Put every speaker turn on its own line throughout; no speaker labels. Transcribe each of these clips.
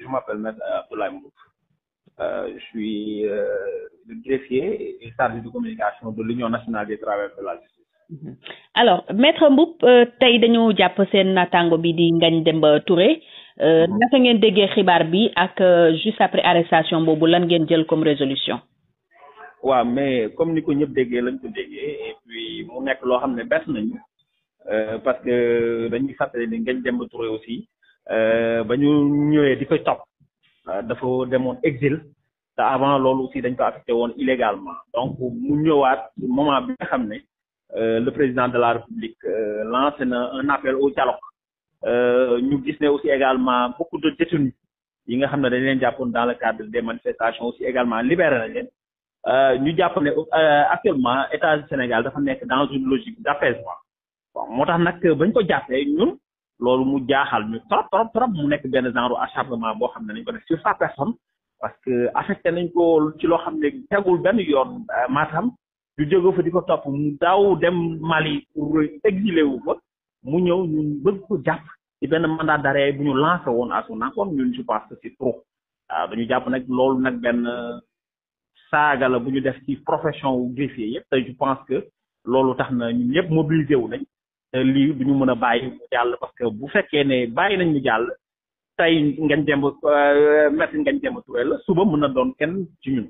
je m'appelle Maître Abdoulaye euh, je suis euh, le greffier et chargé de communication de l'Union nationale des travailleurs de la justice. Mhm.
alors maître Mboup euh, tay dañu japp sen naataango bi di Ngagne Demba Touré euh, mhm. naka ngeen déggé xibar bi ak juste après arrestation bobu lan ngeen jël comme résolution.
Wa mais comme niko ñep déggé déggee lañ ko et puis mu nek lo xamné bess nañu. Euh parce que dañuy fàttali ni Ngagne Demba Touré aussi Euh, ba ñu ñëwee di koy topp euh, dafa demoon exil te avant loolu aussi dañ ko affecté woon illégalement donc mu ñëwaat moment bi nga xam ne euh, le président de la république lancé na un appel au dialogue ñu gis ne aussi également beaucoup de détenus yi nga xam ne dañ leen jàppoon dans le cadre des manifestations aussi également libéré nañ leen ñu jàpp ne actuellement état Sénégal dafa nekk dans une logique d' apaisement moo tax nag bañ ko jàppee ñun loolu mu jaaxal ñu trop trop trop mu nekk benn genre acharnement boo xam ne nañ ko def sur sa personne parce que affecté nañ ko ci loo xam ne tegul benn yoon euh, Matam ñu jóge fa di ko topp mu daaw dem Mali pour exilé wu fa mu ñëw ñun bëgg ko jàpp ci benn mandat d'arrêt bu ñu lancé woon à son encontre ñun je pense que c'est trop waaw dañu jàpp nag loolu nag benn saaga la bu ñu def ci profession wu greffier yëpp te je pense que loolu tax na ñun ñëpp mobilisé wu nañ li duñu mëna mën a parce que bu fekké né bàyyi nañ jall tay ngañ dem euh metti ngañ dem Touré suba mëna na doon kenn ci ñun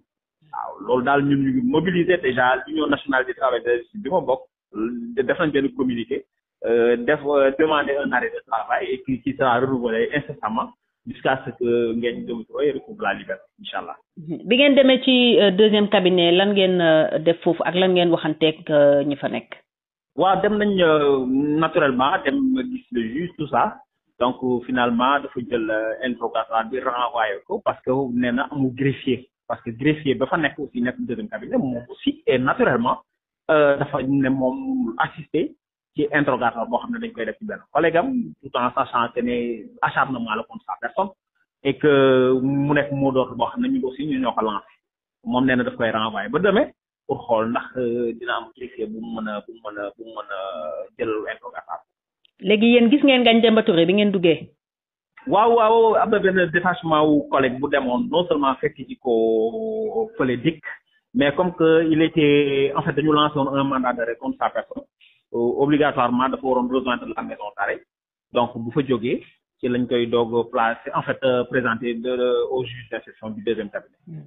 waaw loolu daal ñun ñu ngi mobiliser déjà l'union nationale du travail de bi ma bok euh, def nañ benn communiqué euh, def euh, demander un arrêt de travail et qui qui sera renouvelé incessamment jusqu'à ce que ngeen dem Touré recouvre la liberté inshallah
bi ngeen demee ci deuxième cabinet lan ngeen def fofu ak lan ngeen waxanté ak ñi fa nek
wa dem nañ euh, naturellement dem dis le juge tout ça donc euh, finalement il jël euh, interrogatoire bi renvoyer parce que nee na amul greffier parce que greffier ba fa nekk aussi nekk deuxième cabinet moom aussi et naturellement dafa ne moom assisté ci interrogatoire boo xam ne dañ koy def ci benn collègue tout en sachant que ne acharnement la contre sa personne et que mu nekk mot d'ordre boo xam ne aussi ñu ñoo ko lancé moom nee na daf koy renvoyé ba pour xool ndax euh, dina am greffier bu mu mën a bu mu mën a bu mu mën a jël interrogatoire.
léegi yéen gis ngeen Ngagne Demba Touré bi ngeen duggee.
waaw waaw am na benn détachement wu collègue bu demoon non seulement fekk ci ko fële dikk mais comme que il était en fait dañu lancé un mandat de contre sa personne euh, obligatoirement dafa waroon rejoindre la maison d'arrêt donc bu fa jógee ci lañ koy doog placer en fait euh, présenter au juge d'instruction du deuxième cabinet. Hmm.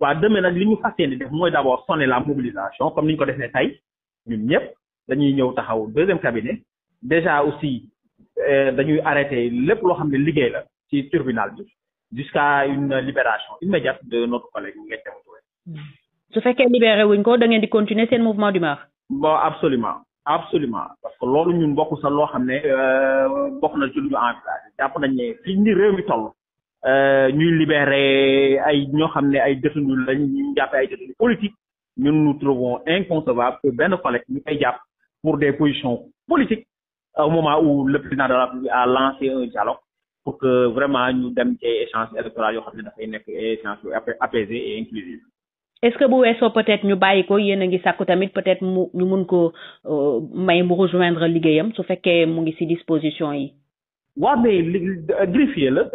waa demee nag li ñu fas yéene def la mobilisation comme nous ñu ko defee tey ñun ñëpp dañuy ñëw deuxième cabinet déjà aussi euh, dañuy arrêté lépp loo xam ne la tribunal jusqu'à une libération immédiate de notre collègue Ngagne Demba Touré. su fekkee libéré wuñ ko da ngeen di continuer mouvement d'humeur. bon absolument absolument parce que loolu ñun bokk sa loo xam ne euh, bokk na ci lu ñu nañ euh, ñuy libérer ay ñoo xamné ay lañ ñu ay politiques ñun nous trouvons inconcevable que benn collègue ñu des japp pour des positions politiques au moment où le président de la République a lancé un dialogue pour que vraiment nous dem ci échange électoral yo xamné dafay nekk échange apaisé et inclusif.
est-ce que vous êtes peut-être ñu bailler ko yéen ngi tamit peut-être nous ñu ko euh, may mu rejoindre ligueyam su fekkee mu ngi ci disposition yi
waaw mais greffier la en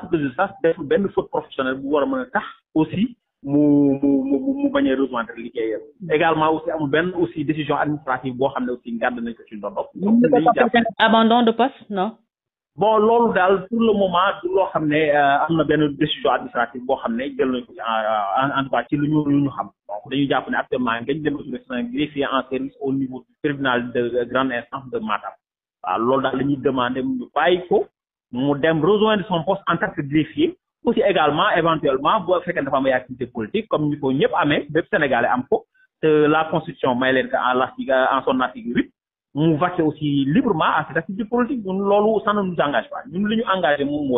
ce que je sache deful benn faute professionnelle bu war a mën a tax aussi mu mu mu mu bañ a rejoindre liggéeyam. également aussi amul benn aussi décision administrative boo xam ne aussi ngàdd nañ ko ci ndondom. abandon de poste non. bon loolu daal pour le moment du loo xam ne euh, am na benn décision administrative boo xam ne jël nañ ko en tout cas ci lu ñu lu ñu xam donc dañu jàpp ne actuellement nga ñu demee sur greffier en service au niveau du tribunal de grande instance de Matam alors on daal la ñuy demander mu bàyyi ko besoin de son poste en tant que greffier aussi également éventuellement faire fekkee dafa am activité politique comme nous ko ñep amé bépp sénégalais am ko te la constitution may que en en son article nous mu aussi librement à cette activité politique Nous ça ne nous engage pas Nous li ñu engagé moom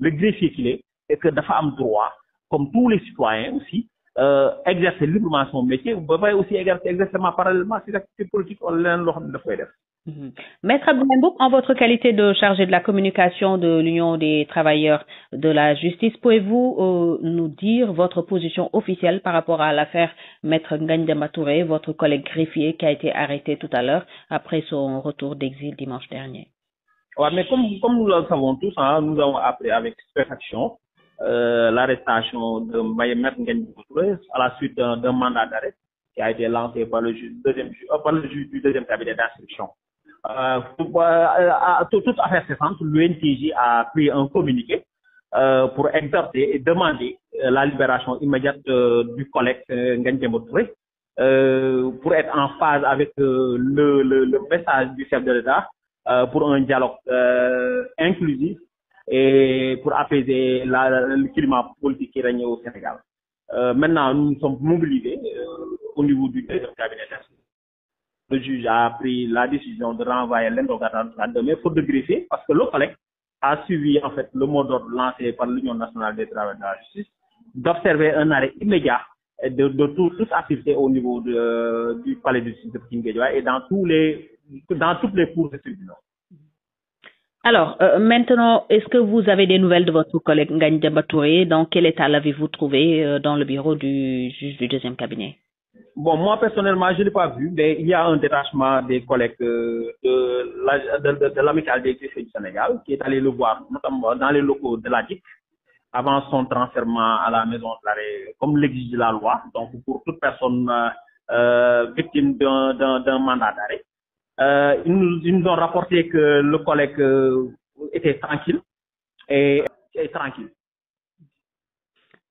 le greffier qu'il est et que dafa am droit comme tous les citoyens aussi euh, exercer librement son métier ba pare aussi exercer exactement parallèlement cette activités politiques on leneen lo xam def
Mhm. Maître Abdoulambouk, en votre qualité de chargé de la communication de l'Union des travailleurs de la justice, pouvez-vous euh, nous dire votre position officielle par rapport à l'affaire Maître de Touré, votre collègue greffier qui a été arrêté tout à l'heure après son retour d'exil dimanche dernier
mais comme, nous le savons tous, hein, nous avons appris avec stupéfaction euh, l'arrestation de Maître Ngandema à la suite d'un mandat d'arrêt qui a été lancé par le euh, par le juge du deuxième cabinet d'instruction. Euh, euh, toute assistance, l'UNTJ a pris un communiqué euh, pour exhorter et demander la libération immédiate du collègue Nganjembo Touré pour être en phase avec le, message du chef de l'État pour un dialogue inclusif et pour apaiser le climat politique qui règne au Sénégal. maintenant, nous sommes mobilisés au niveau du cabinet le juge a pris la décision de renvoyer l'interrogatoire à demain, pour de parce que le collègue a suivi en fait le mot d'ordre lancé par l'Union nationale des travailleurs de la justice d'observer un arrêt immédiat de, de toute au niveau du palais de justice de Kingejoa et dans tous les dans toutes les cours de tribunaux.
Alors, euh, maintenant, est-ce que vous avez des nouvelles de votre collègue Ngani Touré Dans quel état l'avez-vous trouvé euh, dans le bureau du juge du
deuxième cabinet Bon, moi personnellement, je ne l'ai pas vu, mais il y a un détachement des collègues euh, de, de, de, l'amicale des du Sénégal qui est allé le voir, notamment dans les locaux de la DIC, avant son transfert à la maison de l'arrêt, comme l'exige la loi, donc pour toute personne euh, euh, victime d'un mandat d'arrêt. ils, nous, ont rapporté que le collègue était tranquille et, et tranquille.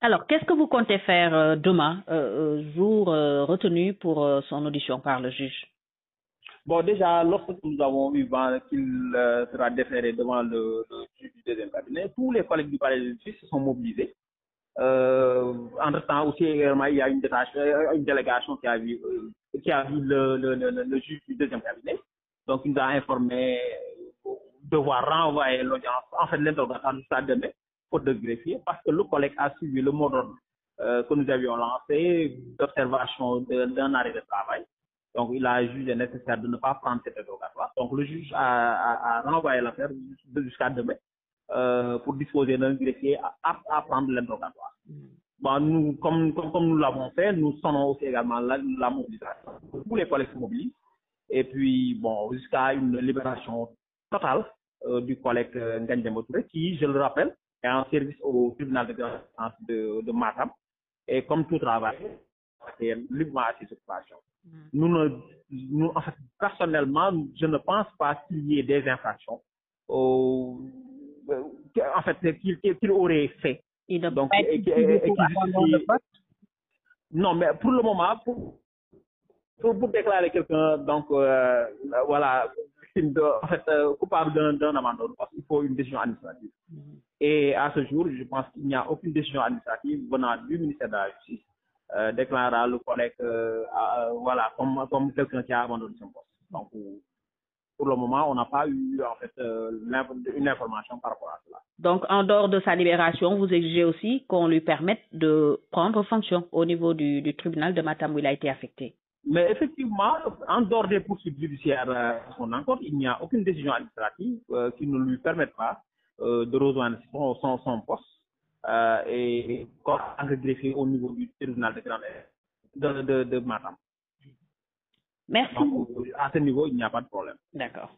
Alors, qu'est-ce que vous comptez faire euh, demain, euh, euh, jour retenu pour son audition par le juge
Bon, déjà, lorsque nous avons eu qu'il sera déféré devant le, juge du deuxième cabinet, tous les collègues du palais de justice se sont mobilisés. En Entre-temps, aussi, il y a une, délégation qui a vu, qui a vu le, juge du deuxième cabinet. Donc, il nous a informé devoir renvoyer l'audience, en fait, l'interrogatoire du stade faute de greffier, parce que le collègue a suivi le mot d'ordre euh, que nous avions lancé d'observation d'un arrêt de travail. Donc, il a jugé nécessaire de ne pas prendre cet interrogatoire. Donc, le juge a, a, renvoyé l'affaire jusqu'à demain euh, pour disposer d'un greffier à, à prendre l'interrogatoire. Mm. Bon, bah, nous, comme, comme, nous l'avons fait, nous sonnons aussi également la, mobilisation. Tous les collègues se mobilisent. Et puis, bon, jusqu'à une libération totale euh, du collègue euh, qui, je le rappelle, et en service au tribunal de grande de, de Et comme tout travail, c'est y à ses occupations. Mm. Nous, nous, en fait, personnellement, je ne pense pas qu'il y ait des infractions euh, en fait, qu'il aurait fait. Il Donc, Non, mais pour le moment, pour, pour, déclarer quelqu'un, donc, euh, voilà, en fait, euh, coupable d'un amendement il faut une décision administrative. Mm. Et à ce jour, je pense qu'il n'y a aucune décision administrative venant du ministère de la Justice euh, déclarant le collègue euh, euh, comme, quelqu'un qui a abandonné son poste. Donc, pour le moment, on n'a pas eu en fait une information par rapport à cela.
Donc, en dehors de sa libération, vous exigez aussi qu'on lui permette de prendre fonction au niveau du, tribunal de Matam où il a été affecté.
Mais effectivement, en dehors des poursuites judiciaires, encore, il n'y a aucune décision administrative qui ne lui permette pas euh, de rejoindre son, son, son poste euh, et corps agrégé au niveau du tribunal de grande de, de, de Matam. Merci. à ce niveau, il n'y a pas de problème. D'accord.